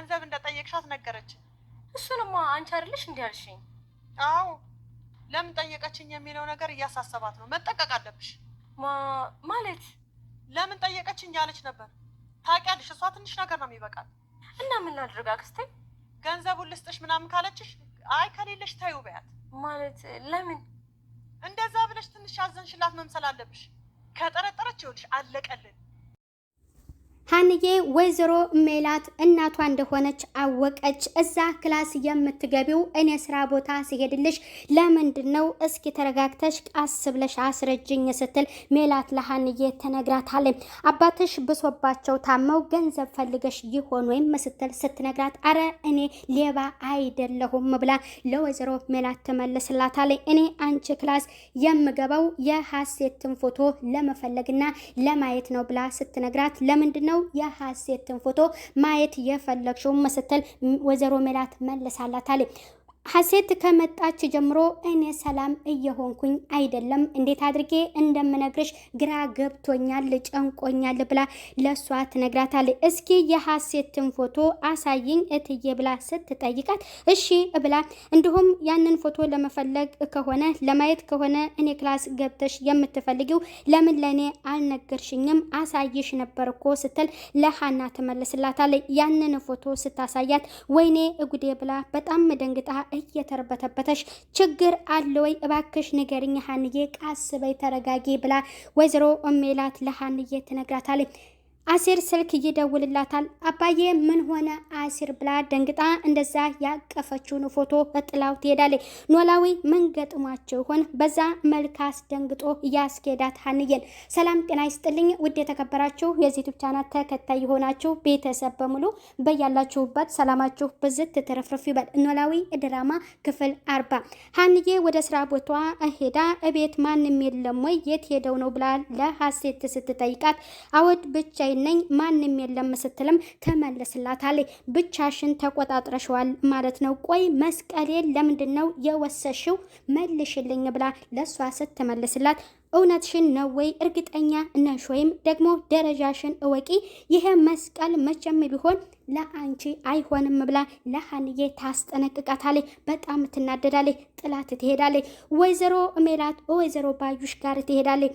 ገንዘብ እንደጠየቅሻት ነገረች። እሱንማ አንቺ አይደለሽ እንዲህ አልሽኝ። አዎ ለምን ጠየቀችኝ የሚለው ነገር እያሳሰባት ነው። መጠቀቅ አለብሽ ማለት ለምን ጠየቀችኝ ያለች ነበር። ታውቂያለሽ፣ እሷ ትንሽ ነገር ነው የሚበቃል። እና ምን ላድርግ አክስቴ፣ ገንዘቡን ልስጥሽ ምናምን ካለችሽ አይ ከሌለሽ ታዩ በያት። ማለት ለምን እንደዛ ብለሽ ትንሽ አዘንሽላት መምሰል አለብሽ። ከጠረጠረች ይኸውልሽ አለቀልን። ሀንዬ ወይዘሮ ሜላት እናቷ እንደሆነች አወቀች። እዛ ክላስ የምትገቢው እኔ ስራ ቦታ ሲሄድልሽ ለምንድን ነው? እስኪ ተረጋግተሽ አስብለሽ አስረጅኝ ስትል ሜላት ለሀንዬ ትነግራታለች። አባትሽ ብሶባቸው ታመው ገንዘብ ፈልገሽ ይሆን ወይም ስትል ስትነግራት፣ አረ እኔ ሌባ አይደለሁም ብላ ለወይዘሮ ሜላት ትመልስላታለች። እኔ አንቺ ክላስ የምገባው የሀሴትን ፎቶ ለመፈለግና ለማየት ነው ብላ ስትነግራት፣ ለምንድን ነው ነው የሀሴትን ፎቶ ማየት የፈለግሽውም ስትል ወይዘሮ ሜላት መለሳላት አለ ሀሴት ከመጣች ጀምሮ እኔ ሰላም እየሆንኩኝ አይደለም። እንዴት አድርጌ እንደምነግርሽ ግራ ገብቶኛል፣ ጨንቆኛል ብላ ለእሷ ትነግራታለች። እስኪ የሀሴትን ፎቶ አሳይኝ እትዬ ብላ ስትጠይቃት እሺ ብላ እንዲሁም ያንን ፎቶ ለመፈለግ ከሆነ ለማየት ከሆነ እኔ ክላስ ገብተሽ የምትፈልጊው ለምን ለእኔ አልነገርሽኝም? አሳይሽ ነበር እኮ ስትል ለሀና ትመልስላታለች። ያንን ፎቶ ስታሳያት ወይኔ እጉዴ ብላ በጣም ደንግጣ እየተርበተበተሽ ችግር አለ ወይ እባክሽ ንገሪኝ ሀንዬ፣ ቃስበይ ተረጋጊ ብላ ወይዘሮ ሜላት ለሀንዬ ትነግራታለች። አሲር ስልክ ይደውልላታል። አባዬ ምን ሆነ አሲር ብላ ደንግጣ እንደዛ ያቀፈችውን ፎቶ በጥላው ትሄዳለች። ኖላዊ ምን ገጥሟቸው ይሆን? በዛ መልካስ ደንግጦ እያስኬዳት ሀንየን። ሰላም ጤና ይስጥልኝ ውድ የተከበራችሁ የዩቲዩብ ቻናል ተከታይ የሆናችሁ ቤተሰብ በሙሉ በያላችሁበት ሰላማችሁ ብዝት ትርፍርፍ ይበል። ኖላዊ ድራማ ክፍል አርባ ሀንዬ ወደ ስራ ቦታ ሄዳ እቤት ማንም የለም ወይ የት ሄደው ነው ብላ ለሀሴት ስትጠይቃት አወድ ብቻ ላይ ነኝ ማንም የለም ስትልም ትመልስላታለች። ብቻሽን ተቆጣጥረሽዋል ማለት ነው። ቆይ መስቀሌን ለምንድን ነው የወሰሽው? መልሽልኝ ብላ ለእሷ ስትመልስላት እውነትሽን ነው ወይ? እርግጠኛ ነሽ? ወይም ደግሞ ደረጃሽን እወቂ። ይሄ መስቀል መቼም ቢሆን ለአንቺ አይሆንም ብላ ለሀንዬ ታስጠነቅቃታለች። በጣም ትናደዳለች። ጥላት ትሄዳለች። ወይዘሮ ሜላት ወይዘሮ ባዩሽ ጋር ትሄዳለች።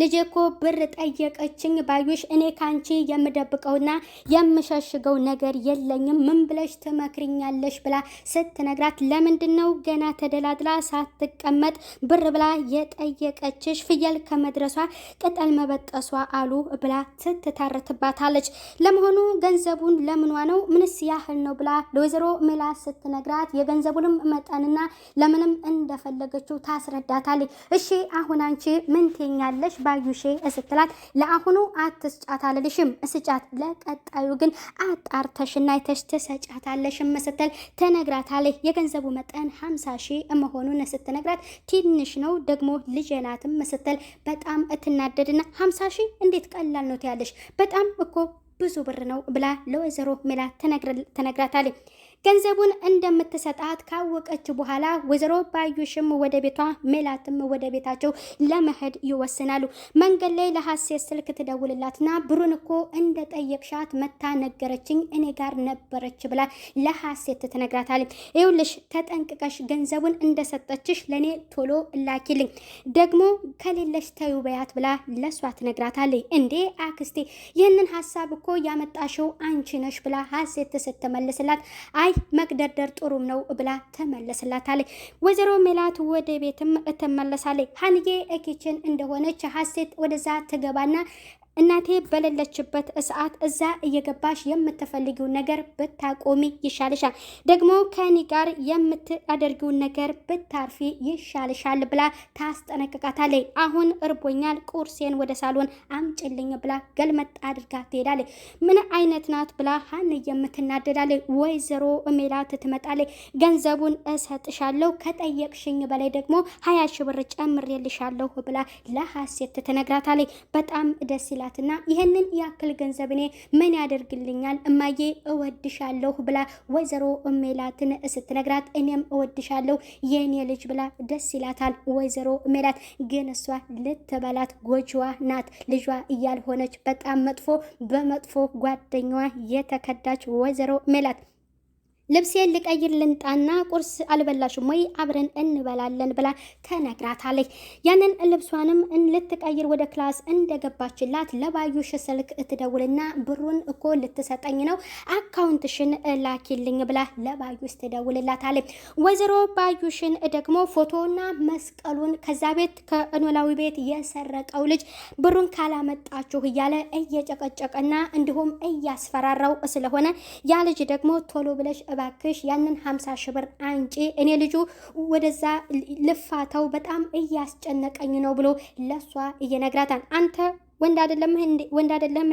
ልጄ እኮ ብር ጠየቀችኝ ባዩሽ፣ እኔ ካንቺ የምደብቀውና የምሸሽገው ነገር የለኝም፣ ምን ብለሽ ትመክርኛለሽ ብላ ስትነግራት፣ ለምንድን ነው ገና ተደላድላ ሳትቀመጥ ብር ብላ የጠየቀችሽ? ፍየል ከመድረሷ ቅጠል መበጠሷ አሉ ብላ ትትታረትባታለች። ለመሆኑ ገንዘቡን ለምኗ ነው? ምንስ ያህል ነው ብላ ለወይዘሮ ሜላት ስትነግራት፣ የገንዘቡንም መጠንና ለምንም እንደፈለገችው ታስረዳታለች። እሺ አሁን አንቺ ምን ትኛለሽ? ባዩሼ ስትላት ለአሁኑ አትስጫት አልልሽም፣ እስጫት ለቀጣዩ ግን አጣርተሽ እናይተሽ ትሰጫታለሽም ስትል ትነግራታለች። የገንዘቡ መጠን ሀምሳ ሺህ መሆኑን ስትነግራት ትንሽ ነው ደግሞ ልጅ ናትም ስትል በጣም እትናደድና ሀምሳ ሺህ እንዴት ቀላል ነው ትያለሽ፣ በጣም እኮ ብዙ ብር ነው ብላ ለወይዘሮ ሜላት ትነግራታለች። ገንዘቡን እንደምትሰጣት ካወቀች በኋላ ወይዘሮ ባዩሽም ወደ ቤቷ ሜላትም ወደ ቤታቸው ለመሄድ ይወስናሉ። መንገድ ላይ ለሀሴት ስልክ ትደውልላትና ብሩን እኮ እንደ ጠየቅሻት መታ ነገረችኝ፣ እኔ ጋር ነበረች ብላ ለሀሴት ትነግራታለች። ይኸውልሽ ተጠንቅቀሽ ገንዘቡን እንደሰጠችሽ ለእኔ ቶሎ ላኪልኝ፣ ደግሞ ከሌለሽ ተዩ በያት ብላ ለሷ ትነግራታለች። እንዴ አክስቴ ይህንን ሀሳብ እኮ ያመጣሽው አንቺ ነሽ ብላ ሀሴት ስትመልስላት አይ መግደርደር ጥሩም ነው ብላ ተመለስላታለች። ወይዘሮ ሜላት ወደ ቤትም ትመለሳለች። ሀንዬ ኪችን እንደሆነች ሀሴት ወደዛ ትገባና እናቴ በሌለችበት ሰዓት እዛ እየገባሽ የምትፈልጊው ነገር ብታቆሚ ይሻልሻል፣ ደግሞ ከኔ ጋር የምታደርጊው ነገር ብታርፊ ይሻልሻል ብላ ታስጠነቅቃታለች። አሁን እርቦኛል፣ ቁርሴን ወደ ሳሎን አምጭልኝ ብላ ገልመጥ አድርጋ ትሄዳለች። ምን አይነት ናት ብላ ሀን የምትናደዳለች። ወይዘሮ ሜላት ትመጣለች። ገንዘቡን እሰጥሻለሁ ከጠየቅሽኝ በላይ ደግሞ ሀያ ሺህ ብር ጨምሬልሻለሁ ብላ ለሀሴት ትነግራታለች። በጣም ደስ ይላል። አላትና ይህንን ያክል ገንዘብ እኔ ምን ያደርግልኛል እማዬ እወድሻለሁ ብላ ወይዘሮ ሜላትን ስትነግራት እኔም እወድሻለሁ የኔ ልጅ ብላ ደስ ይላታል። ወይዘሮ ሜላት ግን እሷ ልትበላት ጎጂዋ ናት። ልጇ እያልሆነች በጣም መጥፎ በመጥፎ ጓደኛዋ የተከዳች ወይዘሮ ሜላት ልብሴን ልቀይር ልንጣና ቁርስ አልበላሽም ወይ አብረን እንበላለን ብላ ተነግራታለች። ያንን ልብሷንም ልትቀይር ወደ ክላስ እንደገባችላት ለባዩሽ ስልክ እትደውልና ብሩን እኮ ልትሰጠኝ ነው አካውንትሽን ላኪልኝ ብላ ለባዩሽ ትደውልላታለች። ወይዘሮ ባዩሽን ደግሞ ፎቶና መስቀሉን ከዛ ቤት ከኖላዊ ቤት የሰረቀው ልጅ ብሩን ካላመጣችሁ እያለ እየጨቀጨቀና እንዲሁም እያስፈራራው ስለሆነ ያ ልጅ ደግሞ ቶሎ ብለሽ እባክሽ ያንን ሀምሳ ሺህ ብር አንጪ፣ እኔ ልጁ ወደዛ ልፋተው በጣም እያስጨነቀኝ ነው ብሎ ለሷ እየነግራታል አንተ ወንድ አይደለም እንዴ አይደለም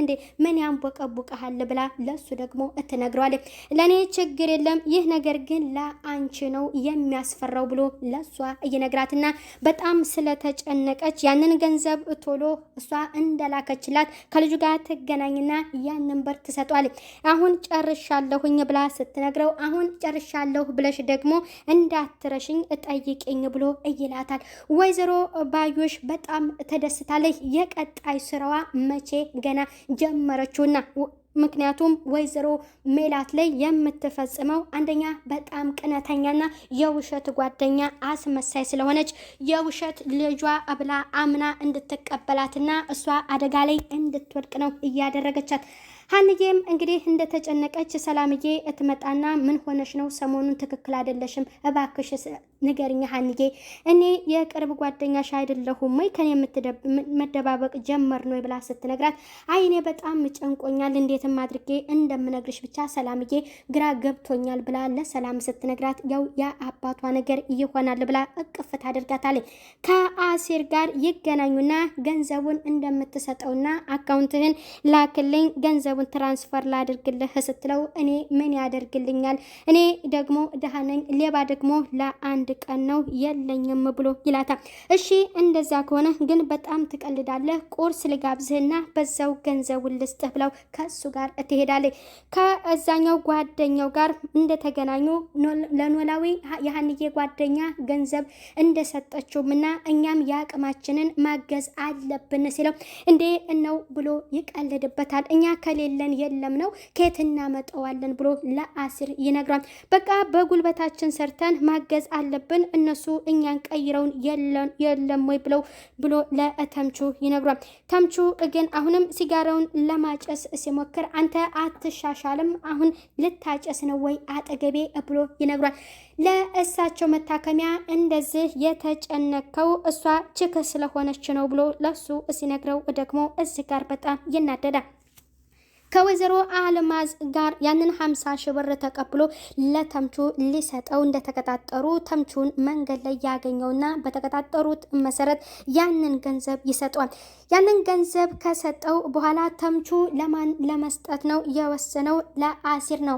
ምን ያንቦቀቡቀሃል ብላ ለሱ ደግሞ እትነግረዋለች። ለኔ ችግር የለም ይህ ነገር ግን ለአንቺ ነው የሚያስፈራው ብሎ ለሷ እየነግራትና በጣም ስለተጨነቀች ያንን ገንዘብ ቶሎ እሷ እንደላከችላት ከልጁ ጋር ትገናኝና ያንን ብር ትሰጧለች። አሁን ጨርሻለሁኝ ብላ ስትነግረው አሁን ጨርሻለሁ ብለሽ ደግሞ እንዳትረሽኝ እጠይቅኝ ብሎ ይላታል። ወይዘሮ ባዩሽ በጣም ተደስታለች። የቀጣይ ስራዋ መቼ ገና ጀመረችውና ምክንያቱም ወይዘሮ ሜላት ላይ የምትፈጽመው አንደኛ በጣም ቅነተኛና የውሸት ጓደኛ አስመሳይ ስለሆነች የውሸት ልጇ ብላ አምና እንድትቀበላትና እሷ አደጋ ላይ እንድትወድቅ ነው እያደረገቻት። ሀንዬም እንግዲህ እንደተጨነቀች ሰላምዬ እትመጣና ምን ሆነሽ ነው? ሰሞኑን ትክክል አይደለሽም፣ እባክሽ ንገርኛ ሀንዬ፣ እኔ የቅርብ ጓደኛሽ አይደለሁም ወይ ከኔ መደባበቅ ጀመር ነው ብላ ስትነግራት፣ አይ እኔ በጣም ጨንቆኛል፣ እንዴትም አድርጌ እንደምነግርሽ ብቻ ሰላምዬ ግራ ገብቶኛል ብላ ለሰላም ስትነግራት፣ ያው የአባቷ ነገር ይሆናል ብላ እቅፍት አድርጋታለች። ከአሴር ጋር ይገናኙና ገንዘቡን እንደምትሰጠውና አካውንትህን ላክልኝ፣ ገንዘቡን ትራንስፈር ላድርግልህ ስትለው እኔ ምን ያደርግልኛል? እኔ ደግሞ ደሃ ነኝ፣ ሌባ ደግሞ ለአንድ ቀን ነው የለኝም ብሎ ይላታል። እሺ እንደዛ ከሆነ ግን በጣም ትቀልዳለህ፣ ቁርስ ልጋብዝህና በዛው ገንዘቡን ልስጥህ ብለው ከእሱ ጋር ትሄዳለች። ከእዛኛው ጓደኛው ጋር እንደተገናኙ ለኖላዊ የሀንዬ ጓደኛ ገንዘብ እንደሰጠችውም እና እኛም የአቅማችንን ማገዝ አለብን ሲለው እንዴ ነው ብሎ ይቀልድበታል። እኛ ከሌለን የለም ነው ከየት እናመጣዋለን ብሎ ለአሲር ይነግሯል። በቃ በጉልበታችን ሰርተን ማገዝ አለ አለብን። እነሱ እኛን ቀይረውን የለም ወይ ብለው ብሎ ለተምቹ ይነግሯል። ተምቹ ግን አሁንም ሲጋራውን ለማጨስ ሲሞክር አንተ አትሻሻልም፣ አሁን ልታጨስ ነው ወይ አጠገቤ ብሎ ይነግሯል። ለእሳቸው መታከሚያ እንደዚህ የተጨነከው እሷ ችክ ስለሆነች ነው ብሎ ለሱ ሲነግረው ደግሞ እዚህ ጋር በጣም ይናደዳል። ከወይዘሮ አልማዝ ጋር ያንን ሀምሳ ሺህ ብር ተቀብሎ ለተምቹ ሊሰጠው እንደተቀጣጠሩ ተምቹን መንገድ ላይ ያገኘውና በተቀጣጠሩት መሰረት ያንን ገንዘብ ይሰጠዋል። ያንን ገንዘብ ከሰጠው በኋላ ተምቹ ለማን ለመስጠት ነው የወሰነው? ለአሲር ነው።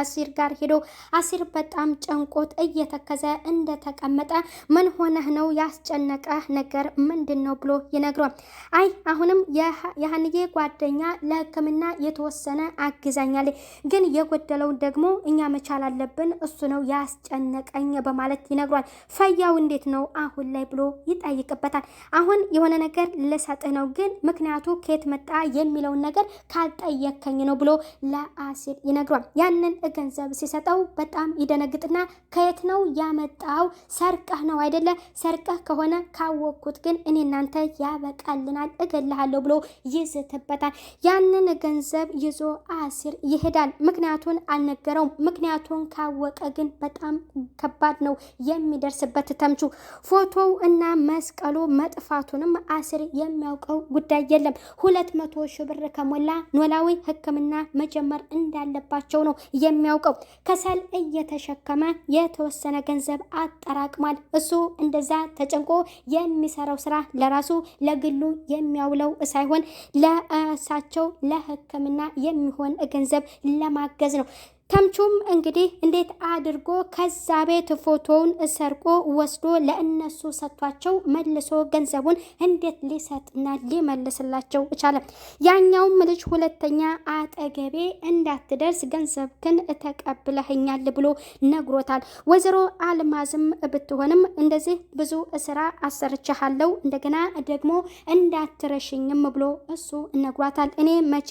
አሲር ጋር ሄዶ አሲር በጣም ጨንቆት እየተከዘ እንደተቀመጠ ምን ሆነህ ነው ያስጨነቀ ነገር ምንድን ነው ብሎ ይነግሯል። አይ አሁንም የሀንዬ ጓደኛ ለሕክምና እና የተወሰነ አግዛኛል፣ ግን የጎደለውን ደግሞ እኛ መቻል አለብን፣ እሱ ነው ያስጨነቀኝ በማለት ይነግሯል። ፈያው እንዴት ነው አሁን ላይ ብሎ ይጠይቅበታል። አሁን የሆነ ነገር ልሰጥህ ነው፣ ግን ምክንያቱ ከየት መጣ የሚለውን ነገር ካልጠየከኝ ነው ብሎ ለአሲር ይነግሯል። ያንን ገንዘብ ሲሰጠው በጣም ይደነግጥና ከየት ነው ያመጣው? ሰርቀህ ነው አይደለ? ሰርቀህ ከሆነ ካወቅኩት ግን እኔ እናንተ ያበቃልናል፣ እገልሃለሁ ብሎ ይዝትበታል። ያንን ገንዘብ ይዞ አሲር ይሄዳል። ምክንያቱን አልነገረውም። ምክንያቱን ካወቀ ግን በጣም ከባድ ነው የሚደርስበት። ተምቹ ፎቶው እና መስቀሉ መጥፋቱንም አሲር የሚያውቀው ጉዳይ የለም። ሁለት መቶ ሺህ ብር ከሞላ ኖላዊ ሕክምና መጀመር እንዳለባቸው ነው የሚያውቀው። ከሰል እየተሸከመ የተወሰነ ገንዘብ አጠራቅሟል። እሱ እንደዛ ተጨንቆ የሚሰራው ስራ ለራሱ ለግሉ የሚያውለው ሳይሆን ለእሳቸው ለ ለሕክምና የሚሆን ገንዘብ ለማገዝ ነው። ተምቹም እንግዲህ እንዴት አድርጎ ከዛ ቤት ፎቶውን ሰርቆ ወስዶ ለእነሱ ሰጥቷቸው መልሶ ገንዘቡን እንዴት ሊሰጥና ሊመልስላቸው እቻለም። ያኛውም ልጅ ሁለተኛ አጠገቤ እንዳትደርስ ገንዘብክን ተቀብለህኛል ብሎ ነግሮታል። ወይዘሮ አልማዝም ብትሆንም እንደዚህ ብዙ ስራ አሰርቻሃለው እንደገና ደግሞ እንዳትረሽኝም ብሎ እሱ ነግሯታል። እኔ መቼ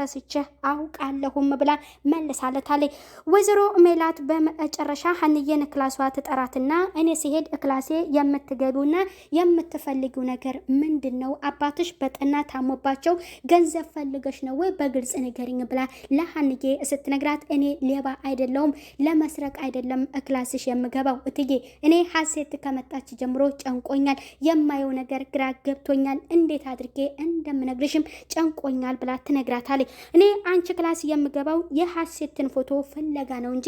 ረስችህ አውቃለሁም ብላ መልሳለታል። ትላታለች። ወይዘሮ ሜላት በመጨረሻ ሀንዬን ክላሷ ትጠራትና እኔ ሲሄድ ክላሴ የምትገቢውና የምትፈልጊው ነገር ምንድን ነው? አባትሽ በጠና ታሞባቸው ገንዘብ ፈልገሽ ነው ወይ? በግልጽ ንገሪኝ ብላ ለሀንዬ ስትነግራት እኔ ሌባ አይደለውም ለመስረቅ አይደለም እክላስሽ የምገባው እትዬ፣ እኔ ሀሴት ከመጣች ጀምሮ ጨንቆኛል። የማየው ነገር ግራ ገብቶኛል። እንዴት አድርጌ እንደምነግርሽም ጨንቆኛል ብላ ትነግራታለች። እኔ አንቺ ክላስ የምገባው የሀሴትን ፎ ፎቶ ፍለጋ ነው እንጂ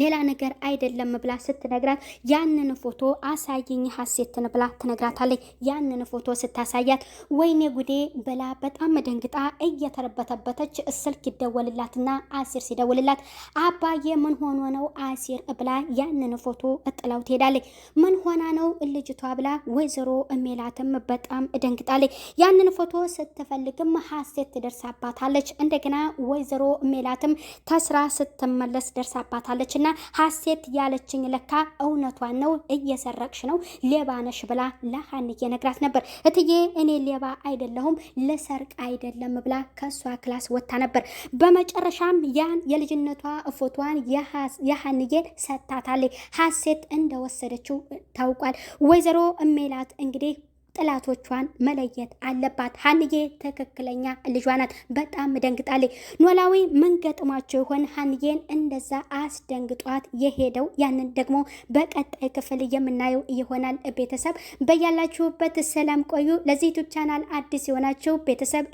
ሌላ ነገር አይደለም ብላ ስትነግራት ያንን ፎቶ አሳይኝ ሀሴትን ብላ ትነግራታለች። ያንን ፎቶ ስታሳያት ወይኔ ጉዴ ብላ በጣም ደንግጣ እየተረበተበተች ስልክ ይደወልላትና አሲር ሲደውልላት አባዬ ምን ሆኖ ነው አሲር ብላ ያንን ፎቶ እጥላው ትሄዳለች። ምን ሆና ነው ልጅቷ ብላ ወይዘሮ ሜላትም በጣም ደንግጣለች። ያንን ፎቶ ስትፈልግም ሀሴት ደርሳባታለች። እንደገና ወይዘሮ ሜላትም ተስራ ስትመለስ ደርሳባታለች። እና ሀሴት ያለችኝ ለካ እውነቷን ነው፣ እየሰረቅሽ ነው፣ ሌባ ነሽ ብላ ለሀንዬ ነግራት ነበር። እትዬ እኔ ሌባ አይደለሁም ለሰርቅ አይደለም ብላ ከእሷ ክላስ ወጥታ ነበር። በመጨረሻም ያን የልጅነቷ ፎቷን የሀንዬ ሰታታለች። ሀሴት እንደወሰደችው ታውቋል። ወይዘሮ ሜላት እንግዲህ ጥላቶቿን መለየት አለባት። ሀንዬ ትክክለኛ ልጇ ናት። በጣም ደንግጣለች። ኖላዊ ምን ገጥሟቸው ይሆን ሀንዬን እንደዛ አስደንግጧት የሄደው? ያንን ደግሞ በቀጣይ ክፍል የምናየው ይሆናል። ቤተሰብ በያላችሁበት ሰላም ቆዩ። ለዚህ ዩቱብ ቻናል አዲስ የሆናችሁ ቤተሰብ